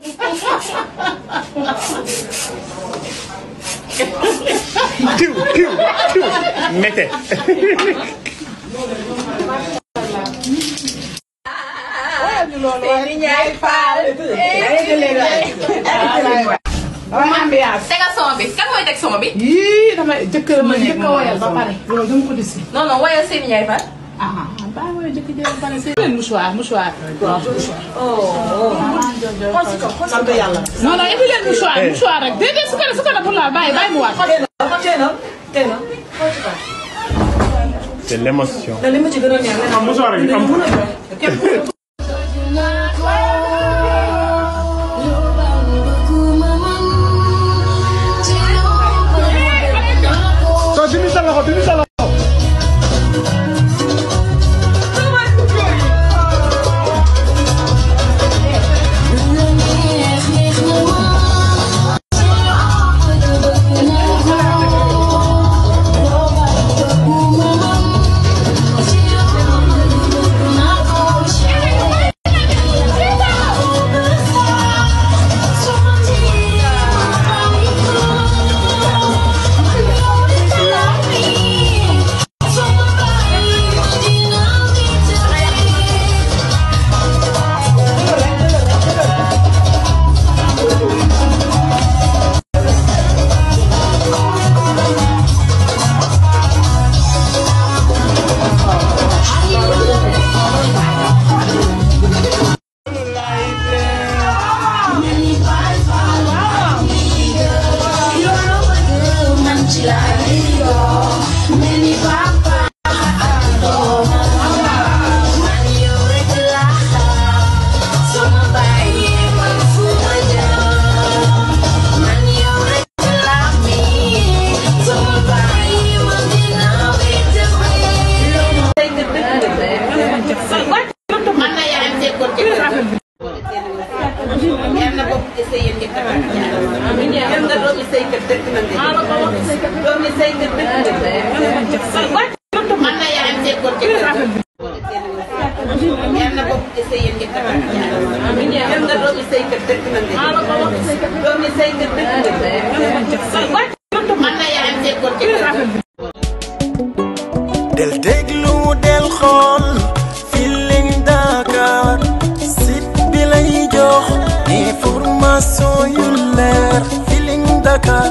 kiw kiw kiw mete seeni ñaay faal tegal sama bi kan mooy teg sama bi yii damay jëkkër ma njëkk a woyal ba pare loolu dama ko disi non non woyal seeni ñaay faal ah bàyyi wala jëkk jël pare seen leen mouchoir mouchoir oh, oh. sant yàlla non non indi leen mouchoir eh. mouchoir rek déedéet su ko def su ko def pour la bàyyi bàyyi mu waat c'est l'émotion say kër dëkk man na yaayam seetlu ci kër yal na bokk ci say yéen njëkk a baax yal na doomi say kër dëkk na nga doomi say kër dëkk man na yaayam seetlu ci kër del déglu del xool Feeling Dakar site bi lay jox information yu leer Feeling Dakar